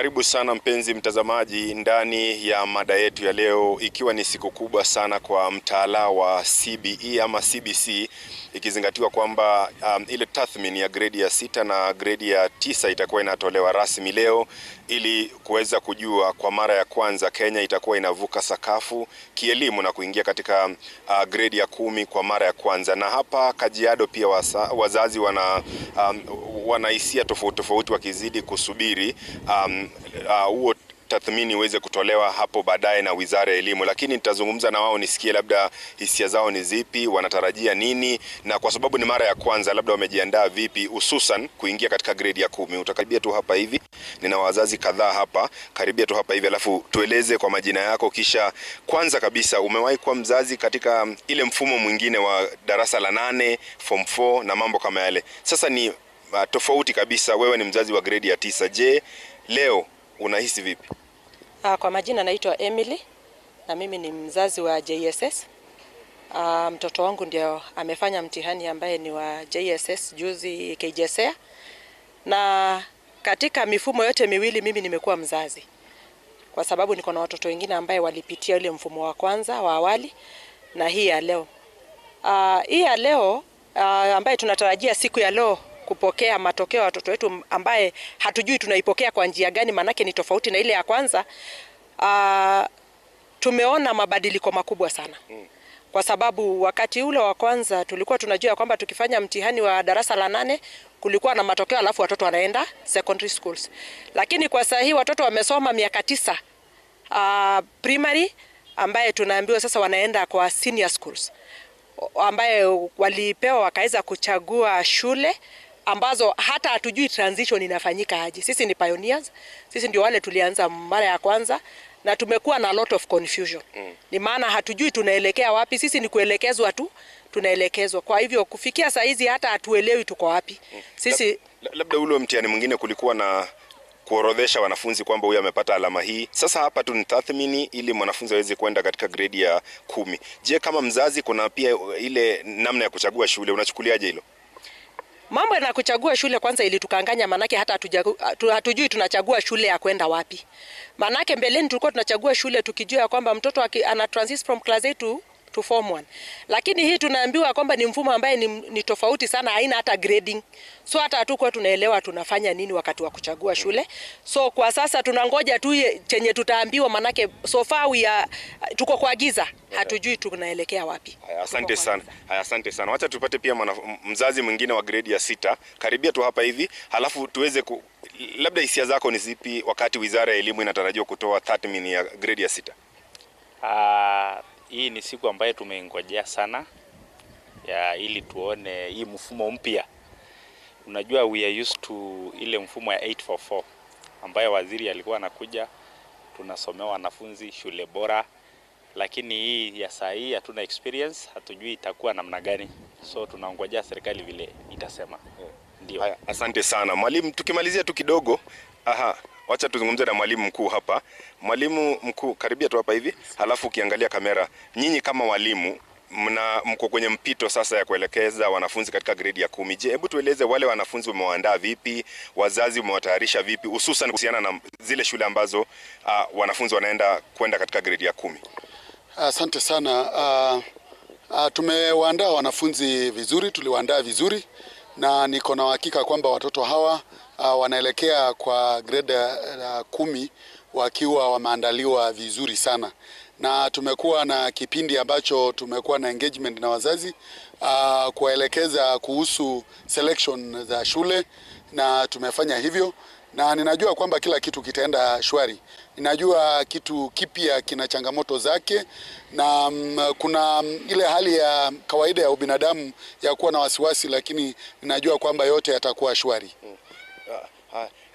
Karibu sana mpenzi mtazamaji ndani ya mada yetu ya leo, ikiwa ni siku kubwa sana kwa mtaala wa CBE ama CBC ikizingatiwa kwamba um, ile tathmini ya gredi ya sita na gredi ya tisa itakuwa inatolewa rasmi leo ili kuweza kujua kwa mara ya kwanza Kenya itakuwa inavuka sakafu kielimu na kuingia katika uh, gredi ya kumi kwa mara ya kwanza. Na hapa Kajiado pia wasa, wazazi wana um, wanahisia tofauti tofauti wakizidi kusubiri um, uh, huo tathmini iweze kutolewa hapo baadaye na Wizara ya Elimu, lakini nitazungumza na wao nisikie labda hisia zao ni zipi, wanatarajia nini, na kwa sababu ni mara ya kwanza, labda wamejiandaa vipi, hususan kuingia katika gredi ya kumi. Utakaribia tu hapa hivi, nina wazazi kadhaa hapa, karibia tu hapa hivi, alafu tueleze kwa majina yako, kisha kwanza kabisa umewahi kuwa mzazi katika ile mfumo mwingine wa darasa la nane, form 4 na mambo kama yale. Sasa ni uh, tofauti kabisa, wewe ni mzazi wa gredi ya tisa. Je, leo unahisi vipi? Ah, kwa majina naitwa Emily na mimi ni mzazi wa JSS. Ah, mtoto wangu ndio amefanya mtihani ambaye ni wa JSS juzi KJSEA, na katika mifumo yote miwili mimi nimekuwa mzazi, kwa sababu niko na watoto wengine ambaye walipitia ule mfumo wa kwanza wa awali na hii ya leo uh, hii ya leo uh, ambaye tunatarajia siku ya leo kupokea matokeo ya watoto wetu ambaye hatujui tunaipokea kwa njia gani, maanake ni tofauti na ile ya kwanza. Uh, tumeona mabadiliko makubwa sana hmm. kwa sababu wakati ule wa kwanza tulikuwa tunajua kwamba tukifanya mtihani wa darasa la nane kulikuwa na matokeo alafu watoto wanaenda secondary schools, lakini kwa saa hii watoto wamesoma miaka tisa uh, primary ambaye tunaambiwa sasa wanaenda kwa senior schools ambaye walipewa wakaweza kuchagua shule ambazo hata hatujui transition inafanyika aje. Sisi ni pioneers, sisi ndio wale tulianza mara ya kwanza na tumekuwa na lot of confusion mm. Ni maana hatujui tunaelekea wapi, sisi ni kuelekezwa tu, tunaelekezwa. Kwa hivyo kufikia saa hizi hata hatuelewi tuko wapi mm. Sisi labda ule mtihani mwingine kulikuwa na kuorodhesha wanafunzi kwamba huyu amepata alama hii. Sasa hapa tu ni tathmini ili mwanafunzi aweze kwenda katika gredi ya kumi. Je, kama mzazi kuna pia ile namna ya kuchagua shule, unachukuliaje hilo? Mambo na kuchagua shule kwanza ilitukanganya, manake hata hatujui tunachagua shule ya kwenda wapi. Manake mbeleni tulikuwa tunachagua shule tukijua ya kwamba mtoto ana from class A to to form one. Lakini hii tunaambiwa kwamba ni mfumo ambaye ni, ni tofauti sana, haina hata grading. So hata hatukuwa tunaelewa tunafanya nini wakati wa kuchagua shule. So kwa sasa tunangoja tu chenye tutaambiwa, manake so far we are, tuko kwa giza, hatujui tunaelekea wapi. Haya, asante sana. Haya, asante sana. Wacha tupate pia mwana, mzazi mwingine wa grade ya sita karibia tu hapa hivi, halafu tuweze ku, labda hisia zako ni zipi wakati Wizara ya Elimu inatarajiwa kutoa tathmini ya grade ya sita? Uh, hii ni siku ambayo tumeingojea sana ya ili tuone hii mfumo mpya. Unajua, we are used to ile mfumo ya 844 ambayo waziri alikuwa anakuja, tunasomewa wanafunzi shule bora, lakini hii ya saa hii hatuna experience, hatujui itakuwa namna gani, so tunaongojea serikali vile itasema. Eh. Ndio, asante sana mwalimu. Tukimalizia tu kidogo, aha Wacha tuzungumze na mwalimu mkuu hapa. Mwalimu mkuu, karibia tu hapa hivi, halafu ukiangalia kamera. Nyinyi kama walimu mna mko kwenye mpito sasa ya kuelekeza wanafunzi katika gredi ya kumi. Je, hebu tueleze wale wanafunzi umewaandaa vipi? Wazazi umewatayarisha vipi, hususan kuhusiana na zile shule ambazo uh, wanafunzi wanaenda kwenda katika gredi ya kumi? Asante uh, sana uh, uh, tumewaandaa wanafunzi vizuri, tuliwaandaa vizuri na niko na uhakika kwamba watoto hawa uh, wanaelekea kwa grade uh, kumi wakiwa wameandaliwa vizuri sana na tumekuwa na kipindi ambacho tumekuwa na engagement na wazazi uh, kuwaelekeza kuhusu selection za shule na tumefanya hivyo, na ninajua kwamba kila kitu kitaenda shwari. Ninajua kitu kipya kina changamoto zake, na m, mm, kuna mm, ile hali ya kawaida ya ubinadamu ya kuwa na wasiwasi, lakini ninajua kwamba yote yatakuwa shwari. Mm.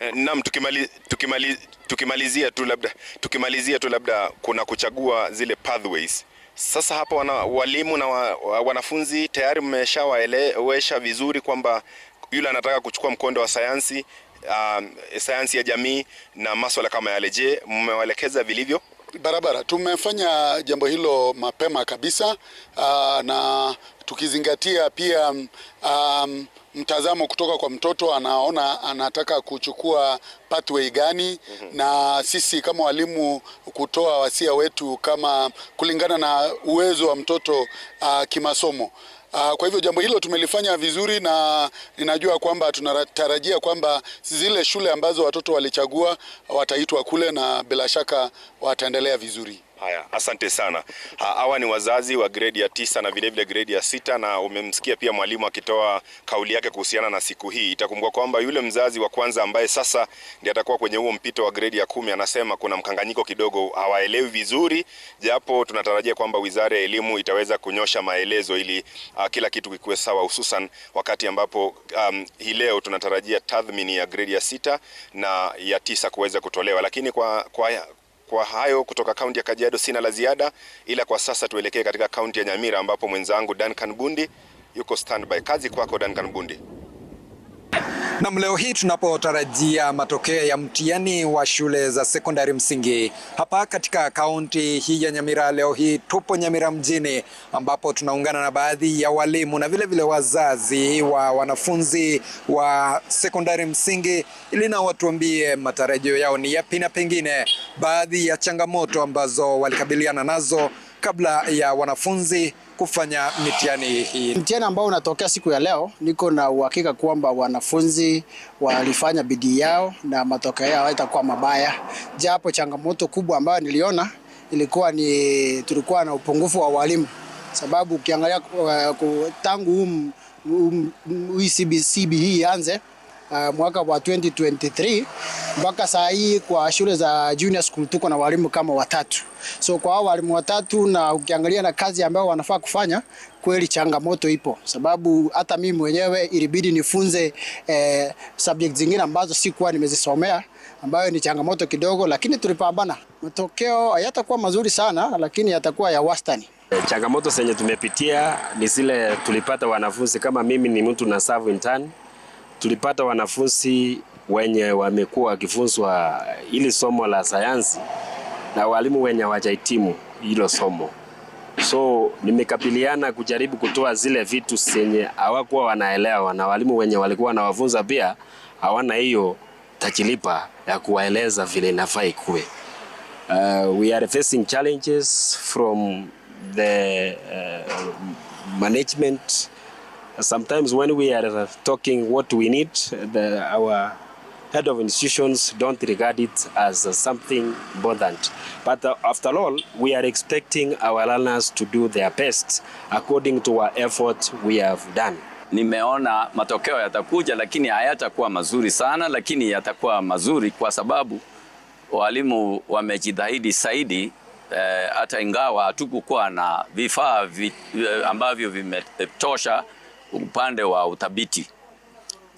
Eh, naam, tukimali, tukimali, tukimalizia tu labda tukimalizia tu labda kuna kuchagua zile pathways. Sasa hapa wana, walimu na wa, wanafunzi tayari mmeshawaelewesha vizuri kwamba yule anataka kuchukua mkondo wa sayansi um, sayansi ya jamii na maswala kama yale. Je, mmewaelekeza vilivyo? barabara. Tumefanya jambo hilo mapema kabisa aa, ah, na tukizingatia pia um, mtazamo kutoka kwa mtoto anaona anataka kuchukua pathway gani, mm -hmm. Na sisi kama walimu kutoa wasia wetu kama kulingana na uwezo wa mtoto uh, kimasomo. Ah, kwa hivyo jambo hilo tumelifanya vizuri, na ninajua kwamba tunatarajia kwamba zile shule ambazo watoto walichagua wataitwa kule na bila shaka wataendelea vizuri. Haya, asante sana. Hawa ni wazazi wa gredi ya tisa na vilevile gredi ya sita, na umemsikia pia mwalimu akitoa kauli yake kuhusiana na siku hii. Itakumbuka kwamba yule mzazi wa kwanza ambaye sasa ndiye atakuwa kwenye huo mpito wa gredi ya kumi anasema kuna mkanganyiko kidogo, hawaelewi vizuri, japo tunatarajia kwamba wizara ya elimu itaweza kunyosha maelezo ili uh, kila kitu kikuwe sawa, hususan wakati ambapo um, hii leo tunatarajia tathmini ya gredi ya sita na ya tisa kuweza kutolewa, lakini kwa, kwa kwa hayo kutoka kaunti ya Kajiado sina la ziada, ila kwa sasa tuelekee katika kaunti ya Nyamira ambapo mwenzangu Duncan Bundi yuko standby. Kazi kwako Duncan Bundi. Nam, leo hii tunapotarajia matokeo ya mtihani wa shule za sekondari msingi hapa katika kaunti hii ya Nyamira, leo hii tupo Nyamira mjini ambapo tunaungana na baadhi ya walimu na vile vile wazazi wa wanafunzi wa sekondari msingi ili nao watuambie matarajio yao ni yapi na pengine baadhi ya changamoto ambazo walikabiliana nazo kabla ya wanafunzi kufanya mitihani hii. Mtihani ambao unatokea siku ya leo, niko na uhakika kwamba wanafunzi walifanya bidii yao na matokeo yao haitakuwa mabaya, japo changamoto kubwa ambayo niliona ilikuwa ni tulikuwa na upungufu wa walimu, sababu ukiangalia eh, tangu hii CBE ianze uh, mwaka wa 2023 mpaka saa hii kwa shule za junior school tuko na walimu kama watatu. So kwa hao walimu watatu, na ukiangalia na kazi ambayo wanafaa kufanya, kweli changamoto ipo, sababu hata mimi mwenyewe ilibidi nifunze eh, subject zingine ambazo sikuwa nimezisomea ambayo ni changamoto kidogo, lakini tulipambana. Matokeo hayatakuwa mazuri sana, lakini yatakuwa ya wastani. Changamoto zenye tumepitia ni zile tulipata wanafunzi kama mimi, ni mtu na serve intern tulipata wanafunzi wenye wamekuwa wakifunzwa ili somo la sayansi na walimu wenye hawajahitimu hilo somo. So nimekabiliana kujaribu kutoa zile vitu zenye hawakuwa wanaelewa, na walimu wenye walikuwa wanawafunza pia hawana hiyo tajiriba ya kuwaeleza vile inafaa ikuwe. Uh, we are facing challenges from the uh, management Sometimes when we are uh, talking what we need, the, our head of institutions don't regard it as uh, something important. But uh, after all, we are expecting our learners to do their best according to our effort we have done. Nimeona matokeo yatakuja, lakini hayatakuwa mazuri sana, lakini yatakuwa mazuri kwa sababu walimu wamejitahidi saidi eh, hata eh, ingawa hatukukuwa na vifaa vi, eh, ambavyo vimetosha eh, upande wa uthabiti,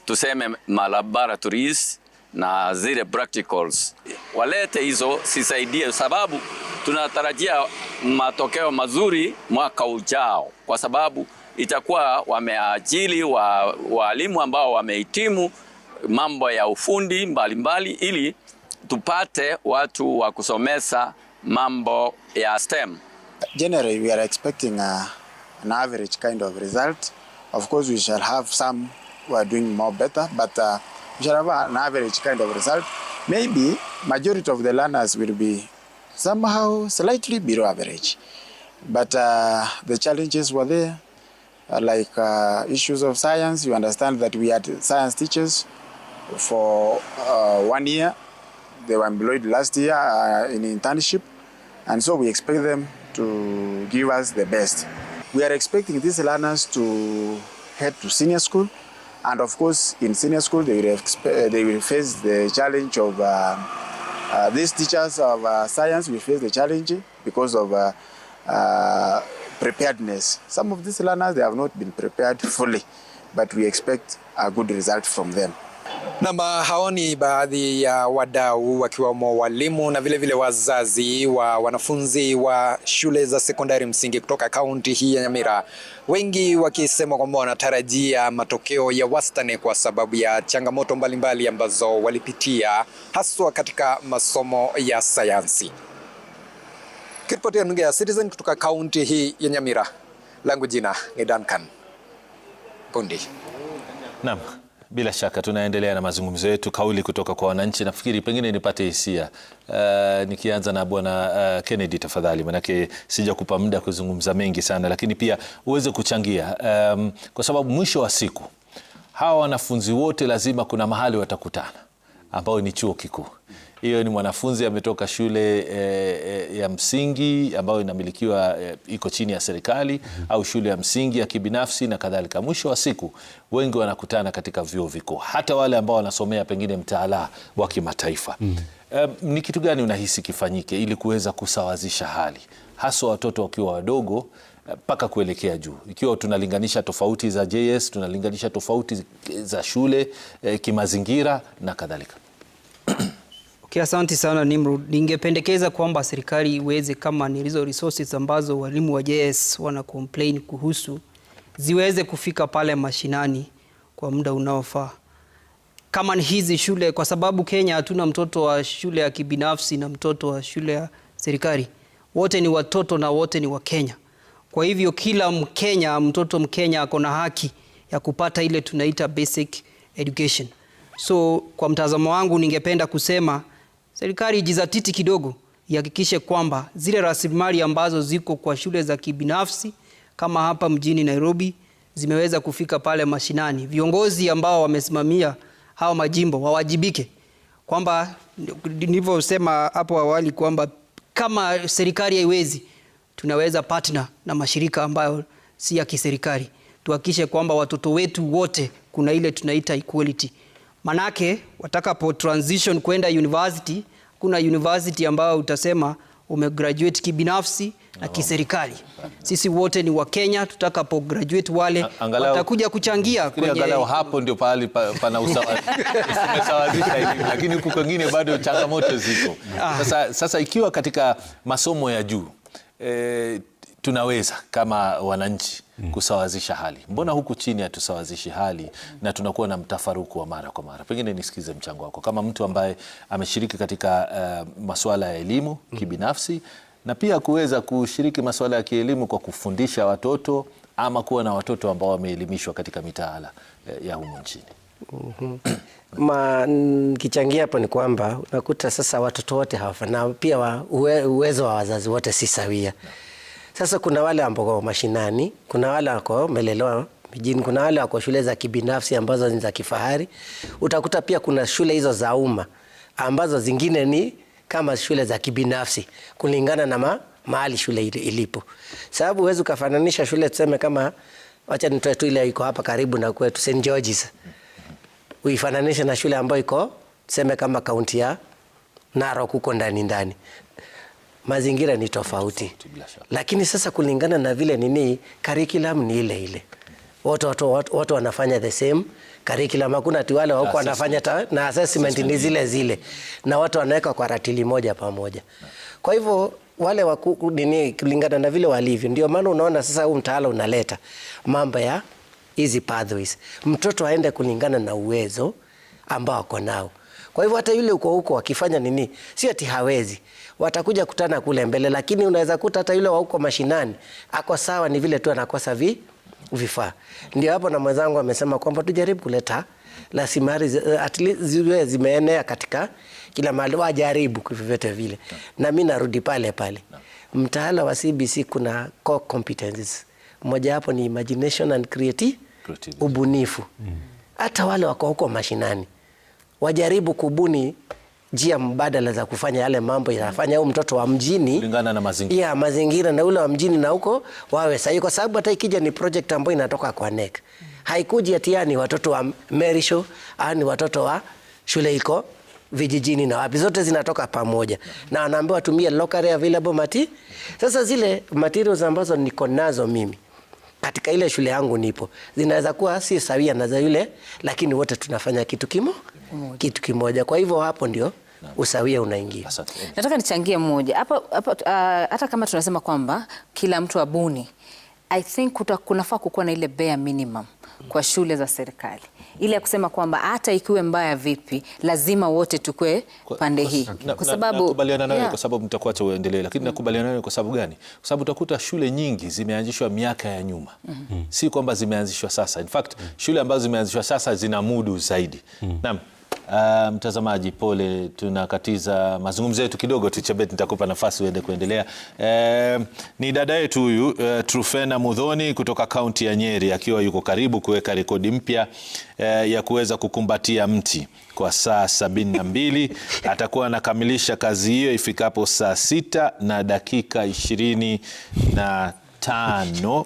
tuseme malaboratories na zile practicals, walete hizo sisaidie, sababu tunatarajia matokeo mazuri mwaka ujao, kwa sababu itakuwa wameajili wa walimu ambao wamehitimu mambo ya ufundi mbalimbali mbali, ili tupate watu wa kusomesa mambo ya STEM. Generally we are expecting a, an average kind of result Of course, we shall have some who are doing more better, but uh, we shall have an average kind of result. Maybe majority of the learners will be somehow slightly below average. But uh, the challenges were there, uh, like uh, issues of science. You understand that we had science teachers for uh, one year. They were employed last year uh, in internship. And so we expect them to give us the best. We are expecting these learners to head to senior school and of course in senior school they will, uh, they will face the challenge of uh, uh, these teachers of uh, science will face the challenge because of uh, uh, preparedness. Some of these learners they have not been prepared fully but we expect a good result from them. Nam, ah, hao ni baadhi ya wadau wakiwemo walimu na vilevile vile wazazi wa wanafunzi wa shule za sekondari msingi kutoka kaunti hii ya Nyamira, wengi wakisema kwamba wanatarajia matokeo ya wastani kwa sababu ya changamoto mbalimbali ambazo walipitia haswa katika masomo ya sayansi. Kiripoti ya Citizen kutoka kaunti hii ya Nyamira, langu jina ni Duncan Bundi. Naam. Bila shaka tunaendelea na mazungumzo yetu, kauli kutoka kwa wananchi. Nafikiri pengine nipate hisia uh, nikianza na bwana uh, Kennedy tafadhali, manake sijakupa muda kuzungumza mengi sana, lakini pia uweze kuchangia um, kwa sababu mwisho wa siku hawa wanafunzi wote lazima kuna mahali watakutana, ambao ni chuo kikuu. Hiyo ni mwanafunzi ametoka shule e, e, ya msingi ambayo inamilikiwa e, iko chini ya serikali mm -hmm. au shule ya msingi ya kibinafsi na kadhalika. Mwisho wa siku wengi wanakutana katika vyuo vikuu, hata wale ambao wanasomea pengine mtaala wa kimataifa mm -hmm. um, ni kitu gani unahisi kifanyike ili kuweza kusawazisha hali haswa watoto wakiwa wadogo mpaka kuelekea juu, ikiwa tunalinganisha tofauti za JS, tunalinganisha tofauti za shule e, kimazingira na kadhalika. Okay, asante sana Nimrud. Ningependekeza kwamba serikali iweze kama ni hizo resources ambazo walimu wa JS wana complain kuhusu ziweze kufika pale mashinani kwa muda unaofaa. Kama ni hizi shule, kwa sababu Kenya hatuna mtoto wa shule ya kibinafsi na mtoto wa shule ya serikali, wote ni watoto na wote ni wa Kenya. Kwa hivyo kila Mkenya, mtoto Mkenya ako na haki ya kupata ile tunaita basic education. So kwa mtazamo wangu ningependa kusema serikali ijizatiti kidogo, ihakikishe kwamba zile rasilimali ambazo ziko kwa shule za kibinafsi kama hapa mjini Nairobi zimeweza kufika pale mashinani. Viongozi ambao wamesimamia hao majimbo wawajibike, kwamba nilivyosema hapo awali kwamba kama serikali haiwezi, tunaweza partner na mashirika ambayo si ya kiserikali, tuhakikishe kwamba watoto wetu wote kuna ile tunaita equality. Manake watakapo transition kwenda university, kuna university ambayo utasema umegraduate kibinafsi na oh. kiserikali. Sisi wote ni Wakenya, tutakapo graduate wale angalau, watakuja kuchangia kwenye... angalau hapo ndio pahali pana usawazisha, lakini huku kwengine bado changamoto ziko. Ah. Sasa, sasa ikiwa katika masomo ya juu e, tunaweza kama wananchi mm. kusawazisha hali. Mbona huku chini hatusawazishi hali na tunakuwa na mtafaruku wa mara kwa mara? Pengine nisikize mchango wako kama mtu ambaye ameshiriki katika uh, eh, masuala ya elimu mm. kibinafsi na pia kuweza kushiriki masuala ya kielimu kwa kufundisha watoto ama kuwa na watoto ambao wameelimishwa katika mitaala eh, ya humu nchini. Mm -hmm. Ma, kichangia hapo ni kwamba unakuta sasa watoto wote hawafanani, pia wa, uwe, uwezo wa wazazi wote si sawia. Sasa kuna wale ambao mashinani, kuna wale wako melelewa mjini, kuna wale wako shule za kibinafsi ambazo ni za kifahari. Utakuta pia kuna shule hizo za umma ambazo zingine ni kama shule za kibinafsi kulingana na ma, mahali shule ilipo, sababu huwezi ukafananisha shule tuseme kama wacha nitoe tu ile iko hapa karibu na kwetu St George's, uifananishe na shule ambayo iko tuseme kama kaunti ya Narok huko ndani ndani mazingira ni tofauti, lakini sasa kulingana na vile nini, curriculum ni ile ile, watu watu watu wanafanya the same curriculum, hakuna ati wale wako wanafanya ta, na assessment ni zile zile, na watu wanaweka kwa ratili moja pamoja. Kwa hivyo wale waku nini, kulingana na vile walivyo, ndio maana unaona sasa huu mtaala unaleta mambo ya hizi pathways, mtoto aende kulingana na uwezo ambao ako nao. Kwa hivyo hata yule uko huko akifanya nini, sio ati hawezi watakuja kutana kule mbele, lakini unaweza kuta hata yule wa huko mashinani ako sawa, ni vile tu anakosa vi vifaa. Ndio hapo na mwenzangu amesema kwamba tujaribu kuleta rasilimali eh, at least ziwe zimeenea katika kila mahali, wajaribu kwa vyovyote vile no. Na mi narudi pale pale no. Mtaala wa CBC kuna core competencies, mmoja hapo ni imagination and creativity, ubunifu mm. Hata wale wako huko mashinani wajaribu kubuni njia mbadala za kufanya yale mambo yanafanya au mtoto wa mjini kulingana na mazingira. Yeah, mazingira na ule wa mjini na huko wawe sahihi, kwa sababu hata ikija ni project ambayo inatoka kwa NEC haikuji ati yani watoto wa Merisho ani ah, watoto wa shule iko vijijini na wapi, zote zinatoka pamoja na wanaambiwa watumie locally available mati. Sasa zile materials ambazo niko nazo mimi katika ile shule yangu nipo, zinaweza kuwa si sawia na za yule, lakini wote tunafanya kitu kimo kitu kimoja. Kwa hivyo hapo ndio usawia unaingia. Nataka nichangie mmoja hapa hapa, uh, hata kama tunasema kwamba kila mtu abuni, I think kunafaa kukuwa na ile bare minimum kwa shule za serikali ile ya kusema kwamba hata ikiwe mbaya vipi, lazima wote tukwe pande hii, kwa sababu nakubaliana nayo, kwa sababu mtakuacha uendelee, lakini mm. nakubaliana nayo kwa sababu gani? Kwa sababu utakuta shule nyingi zimeanzishwa miaka ya nyuma, mm-hmm. si kwamba zimeanzishwa sasa. In fact, mm. shule ambazo zimeanzishwa sasa zina mudu zaidi. Mm. Naam. Uh, mtazamaji pole, tunakatiza mazungumzo yetu kidogo. Tichabet, nitakupa nafasi uende kuendelea. Uh, ni dada yetu huyu uh, Trufena Mudhoni kutoka kaunti ya Nyeri akiwa yuko karibu kuweka rekodi mpya uh, ya kuweza kukumbatia mti kwa saa sabini na mbili. Atakuwa anakamilisha kazi hiyo ifikapo saa sita na dakika ishirini na tano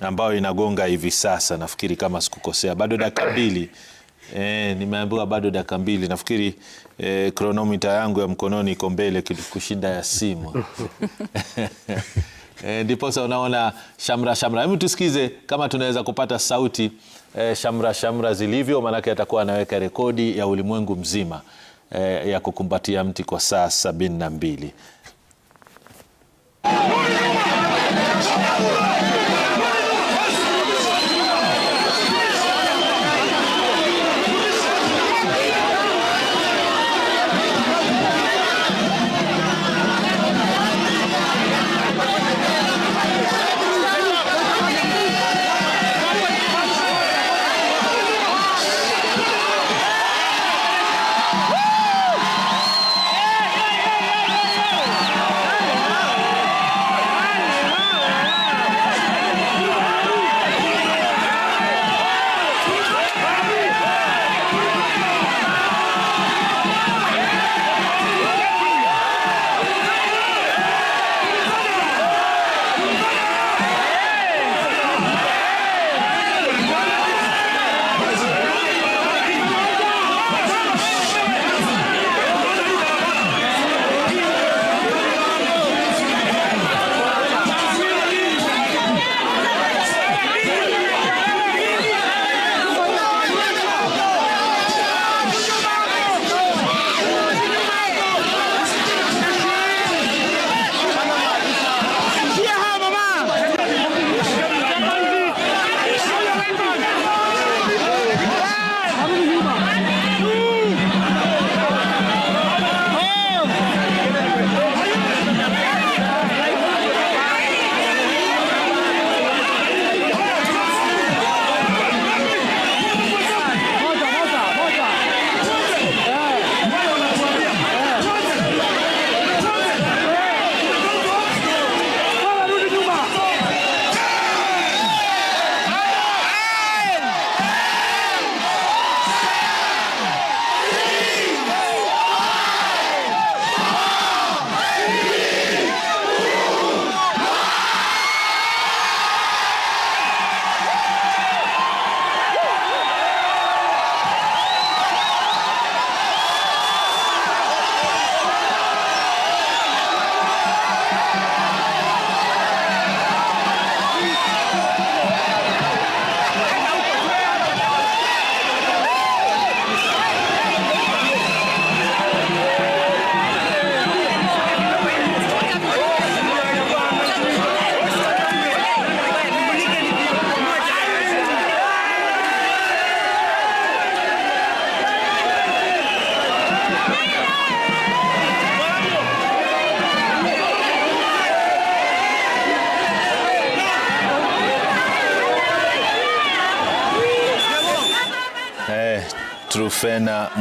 ambayo inagonga hivi sasa, nafikiri kama sikukosea, bado dakika mbili. E, nimeambiwa bado dakika mbili nafikiri e, kronomita yangu ya mkononi iko mbele kushinda ya simu e, ndiposa unaona shamra shamra. Hebu tusikize kama tunaweza kupata sauti e, shamra shamra zilivyo, maanake atakuwa anaweka rekodi ya ulimwengu mzima e, ya kukumbatia mti kwa saa sabini na mbili.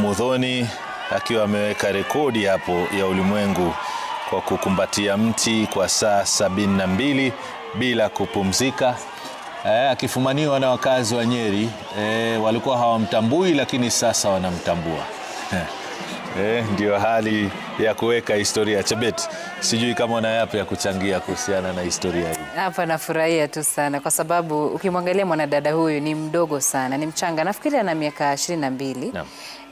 Mudhoni akiwa ameweka rekodi hapo ya ulimwengu kwa kukumbatia mti kwa saa sabini na mbili bila kupumzika e, akifumaniwa na wakazi wa Nyeri e, walikuwa hawamtambui lakini sasa wanamtambua e, Eh, ndio hali ya kuweka historia. Chebet, sijui kama una yapi ya kuchangia kuhusiana na historia hii. Hapa nafurahia tu sana kwa sababu ukimwangalia mwanadada huyu ni mdogo sana, ni mchanga, nafikiri ana miaka ishirini na mbili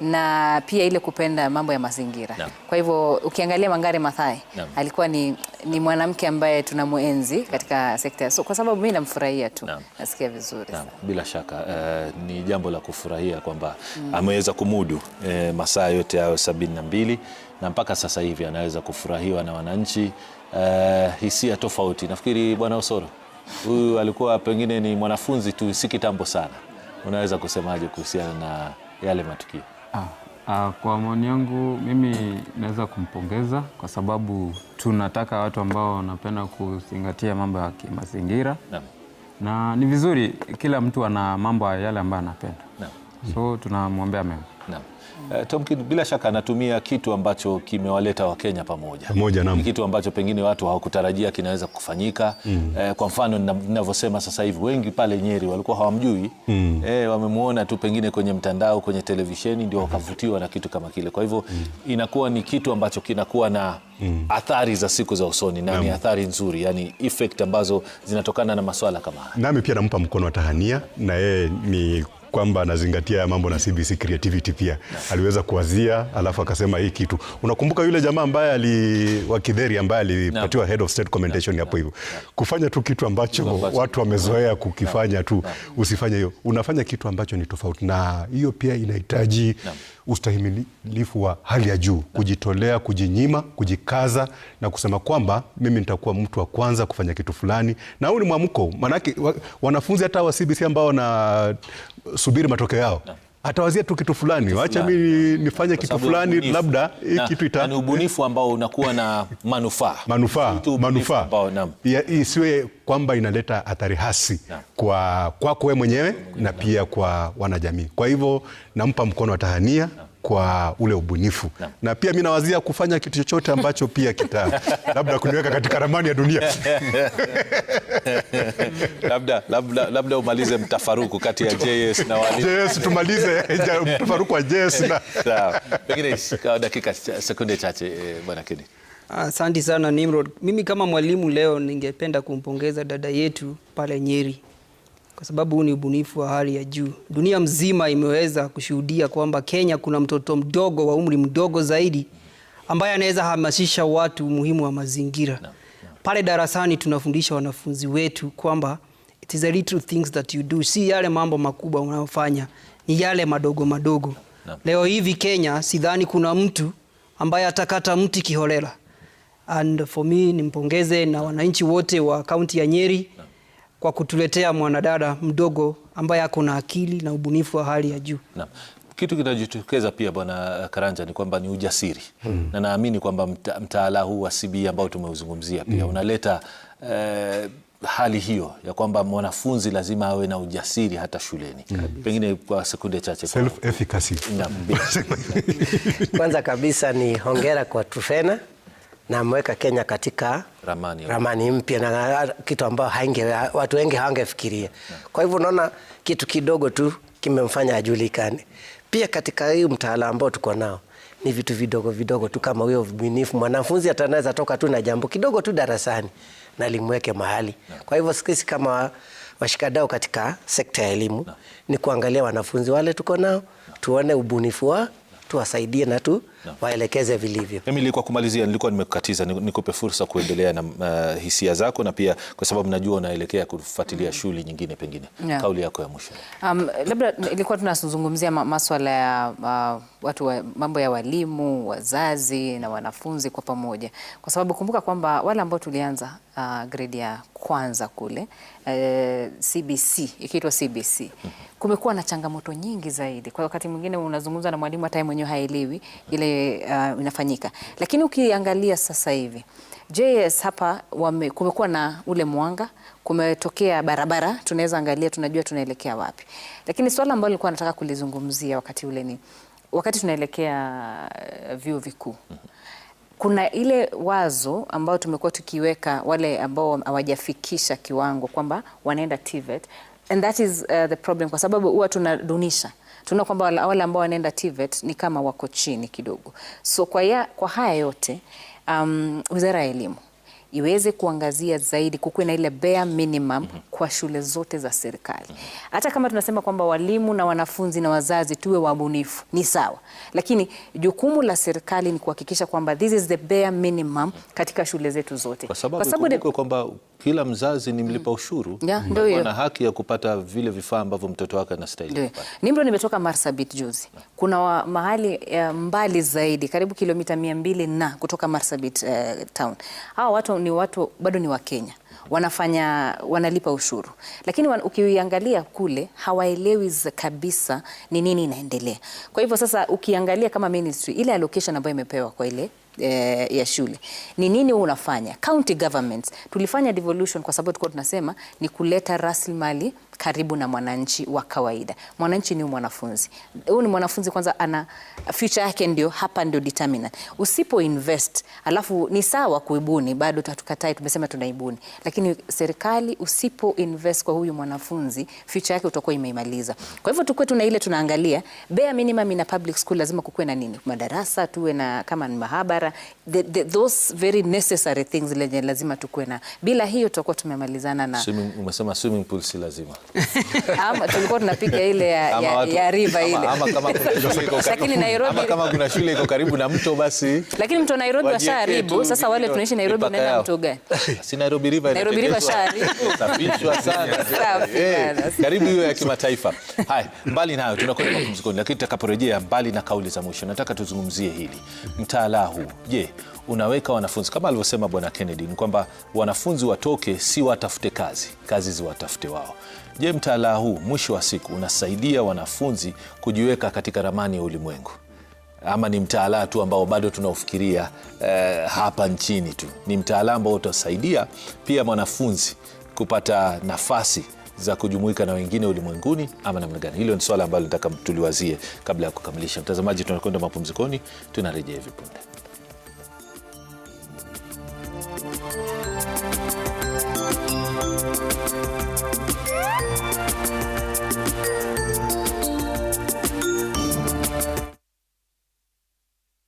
na pia ile kupenda mambo ya mazingira Kwa hivyo ukiangalia Wangari Maathai alikuwa ni, ni mwanamke ambaye tunamuenzi katika sekta so, kwa sababu mimi namfurahia tu na. Nasikia vizuri na. Bila shaka uh, ni jambo la kufurahia kwamba mm. ameweza kumudu eh, masaa yote hayo sabini na mbili na mpaka sasa hivi anaweza kufurahiwa na wananchi uh, hisia tofauti. Nafikiri Bwana Osoro huyu alikuwa pengine ni mwanafunzi tu si kitambo sana. Unaweza kusemaje kuhusiana na yale matukio? Ah. ah, kwa maoni yangu mimi naweza kumpongeza kwa sababu tunataka watu ambao wanapenda kuzingatia mambo ya kimazingira na, ni vizuri kila mtu ana mambo yale ambayo anapenda So tunamwombea mema. Naam. Uh, eh, Tomkin bila shaka anatumia kitu ambacho kimewaleta Wakenya pamoja. Pamoja naam. Kitu ambacho pengine watu hawakutarajia kinaweza kufanyika. Mm. Uh, kwa mfano ninavyosema sasa hivi wengi pale Nyeri walikuwa hawamjui. Mm. Eh, wamemwona tu pengine kwenye mtandao, kwenye televisheni ndio wakavutiwa na kitu kama kile. Kwa hivyo mm. inakuwa ni kitu ambacho kinakuwa na mm. athari za siku za usoni na ni athari nzuri, yani effect ambazo zinatokana na masuala kama haya. Nami pia nampa mkono wa tahania na yeye ni kwamba anazingatia ya mambo na CBC creativity pia aliweza kuwazia, alafu akasema hii kitu. Unakumbuka yule jamaa ambaye ali wa Kidheri ambaye alipatiwa head of state commendation hapo hivyo, kufanya tu kitu ambacho watu wamezoea kukifanya tu, usifanye hiyo, unafanya kitu ambacho ni tofauti, na hiyo pia inahitaji ustahimilifu wa hali ya juu, kujitolea, kujinyima, kujikaza na kusema kwamba mimi nitakuwa mtu wa kwanza kufanya kitu fulani, na huu ni mwamko, maanake wanafunzi hata wa CBC ambao na subiri matokeo yao na atawazia tu kitu fulani, wacha mimi nifanye kitu fulani, labda hii kitu ita ni ubunifu ambao unakuwa na manufaa manufaa manufaa, isiwe kwamba inaleta athari hasi na kwa kwako wewe mwenyewe na pia kwa wanajamii. Kwa hivyo nampa mkono wa tahania na kwa ule ubunifu na, na pia mi nawazia kufanya kitu chochote ambacho pia kita labda kuniweka katika ramani ya dunia labda, labda, labda umalize mtafaruku kati ya JS na wali JS, tumalize mtafaruku wa JS na pengine dakika sekunde chache eh, bwana Kedi. Asante sana Nimrod. Mimi kama mwalimu leo ningependa kumpongeza dada yetu pale Nyeri kwa sababu huu ni ubunifu wa hali ya juu. Dunia mzima imeweza kushuhudia kwamba Kenya kuna mtoto mdogo wa umri mdogo zaidi ambaye anaweza hamasisha watu umuhimu wa mazingira. No, no. Pale darasani tunafundisha wanafunzi wetu kwamba it is the little things that you do, si yale mambo makubwa unayofanya, ni yale madogo madogo. no. Leo hivi Kenya sidhani kuna mtu ambaye atakata mti kiholela. And for me nimpongeze na wananchi wote wa kaunti ya Nyeri kwa kutuletea mwanadada mdogo ambaye ako na akili na ubunifu wa hali ya juu. Naam. Kitu kinajitokeza pia Bwana Karanja ni kwamba ni ujasiri hmm. na naamini kwamba mta, mtaala huu wa CBE ambao tumeuzungumzia pia hmm. unaleta eh, hali hiyo ya kwamba mwanafunzi lazima awe na ujasiri hata shuleni mm. pengine kwa sekunde chache self efficacy. Kwanza kabisa ni hongera kwa Tufena na ameweka Kenya katika ramani, ramani mpya na kitu ambayo hainge watu wengi hawangefikiria. Kwa hivyo unaona kitu kidogo tu kimemfanya ajulikane. Pia katika hii mtaala ambao tuko nao ni vitu vidogo vidogo tu kama huyo ubunifu. Mwanafunzi atanaweza toka tu na jambo kidogo tu darasani na limweke mahali. Kwa hivyo sisi kama washikadau katika sekta ya elimu ni kuangalia wanafunzi wale tuko nao, tuone ubunifu wao, tuwasaidie na tu waelekeze vilivyo. Mimi kwa kumalizia, nilikuwa nimekukatiza, nikupe fursa kuendelea na uh, hisia zako na pia kwa sababu najua unaelekea kufuatilia mm. shughuli nyingine pengine yeah. Kauli yako ya mwisho. Um, labda ilikuwa tunazungumzia maswala ya uh, watu wa, mambo ya walimu, wazazi na wanafunzi kwa pamoja, kwa sababu kumbuka kwamba wale ambao tulianza uh, grade ya kwanza kule uh, CBC ikiitwa CBC mm -hmm. kumekuwa na changamoto nyingi zaidi, kwa wakati mwingine unazungumza na mwalimu hata mwenyewe haelewi ile Eh, uh, inafanyika. Lakini ukiangalia sasa hivi JS hapa wame, kumekuwa na ule mwanga, kumetokea barabara, tunaweza angalia, tunajua tunaelekea wapi. Lakini swala ambalo nilikuwa nataka kulizungumzia wakati ule ni wakati tunaelekea uh, vyuo vikuu kuna ile wazo ambayo tumekuwa tukiweka wale ambao hawajafikisha kiwango kwamba wanaenda TVET and that is uh, the problem, kwa sababu huwa tunadunisha tunaona kwamba wale ambao wanaenda TVET ni kama wako chini kidogo. So kwa, ya, kwa haya yote um, wizara ya elimu iweze kuangazia zaidi, kukuwe na ile bare minimum mhm. kwa shule zote za serikali. Hata kama tunasema kwamba walimu na wanafunzi na wazazi tuwe wabunifu, ni sawa, lakini jukumu la serikali ni kuhakikisha kwamba this is the bare minimum mhm. katika shule zetu zote, kwa sababu kwa sababu kwamba kila mzazi ni mlipa mm. ushuru yeah, mm haki ya kupata vile vifaa ambavyo mtoto wake anastahili. Nimro, nimetoka Marsabit juzi, kuna wa mahali uh, mbali zaidi karibu kilomita mia mbili na kutoka Marsabit uh, town. Hawa watu ni watu bado ni wa Kenya wanafanya wanalipa ushuru lakini wan, ukiangalia kule hawaelewi kabisa ni nini inaendelea. Kwa hivyo sasa ukiangalia kama ministry ile allocation ambayo imepewa kwa ile eh, ya shule. Ni nini wewe unafanya? County governments tulifanya devolution kwa sababu tulikuwa tunasema ni kuleta rasilimali karibu na mwananchi wa kawaida. Mwananchi ni mwanafunzi. Huyu ni mwanafunzi kwanza, ana future yake ndio hapa, ndio determinant. Usipo invest, alafu ni sawa kuibuni, bado tutakatai, tumesema tunaibuni, lakini serikali usipo invest kwa huyu mwanafunzi, future yake utakuwa imeimaliza. Kwa hivyo tukue tuna ile tunaangalia bare minimum, ina public school lazima kukuwe na nini, madarasa tuwe na kama ni mahabara biashara, the, the, those very necessary things lenye lazima tukuwe na, bila hiyo tutakuwa tumemalizana na swimming. Umesema swimming pool si lazima ama tulikuwa tunapiga ile ya, ama ya, ya river ile ama, ama kama lakini Nairobi, ama kama kuna shule iko karibu na mto basi, lakini mto Nairobi washaharibu. Sasa wale tunaishi Nairobi wanaenda mto gani? Si Nairobi river, Nairobi river shaharibu safishwa eh, sana karibu hiyo ya kimataifa. Hai, mbali nayo tunakwenda mapumzikoni, lakini tutakaporejea, mbali na kauli za mwisho, nataka tuzungumzie hili mtaala huu Je, unaweka wanafunzi kama alivyosema bwana Kennedy, ni kwamba wanafunzi watoke, si watafute kazi, kazi ziwatafute wao. Je, mtaala huu mwisho wa siku unasaidia wanafunzi kujiweka katika ramani ya ulimwengu ama ni mtaalaa tu ambao bado tunaofikiria eh, hapa nchini tu? Ni mtaalaa ambao utasaidia pia mwanafunzi kupata nafasi za kujumuika na wengine ulimwenguni ama namna gani? Hilo ni swala ambalo nataka tuliwazie kabla ya kukamilisha. Mtazamaji, tunakwenda mapumzikoni, tunarejea hivi punde. Música